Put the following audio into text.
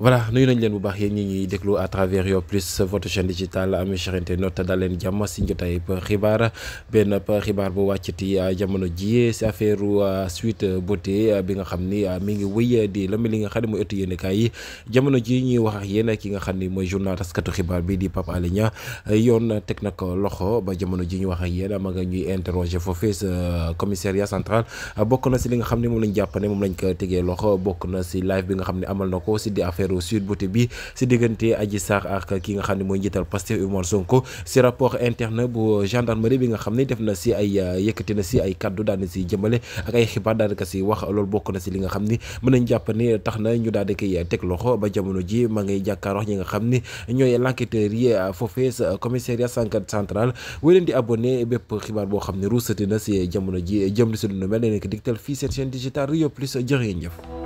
voilà nuyu nañ leen bu baax yéen ñi ñuy déglu à travers Yo Plus votre chaîne digitale ami cher internaute daal leen jàmm si njotay xibaar benn xibaar bu wàccati ah, jamono ji affaire ah, Sweet Beauté ah, bi nga xam ni mi ngi wëy di lëmb li nga xam ne mooy ëttu yéenekaay yi jamono ji ñuy wax ak yéen ki nga xam ni mooy journal taskatu xibaar bi di Pape Alé yoon teg na ko loxo ba jamono ji ñu wax a yéen ma nga ñuy interroger foofee sa commissariat central bokk na si li nga xam ne moom lañ jàpp ne moom lañ ko tegee loxo bokk na si live bi nga xam ne amal na ko si di affaire affaire Sweet Beauté bi si diggante Adji Sarr ak ki nga xam ne mooy njiital Pastef Ousmane Sonko si rapport interne bu gendarmerie bi nga xam ne def na si ay euh, yëkkati na si ay kaddu daan na si jëmale ak ay xibaar daanaka si wax loolu bokk na si li nga xam ni mën nañ jàpp ne tax na ñu daal di koy teg loxo ba jamono ji ma ngay jàkkaarox ñi nga xam ni ñooy l'enquêteur yi euh, foofee sa commissariat sankat central wéy leen di abonné bépp xibaar boo xam ne ruusati na si jamono ji jëm li si lu mel ne leen ko fii seen chaîne digitale Rio Plus jërë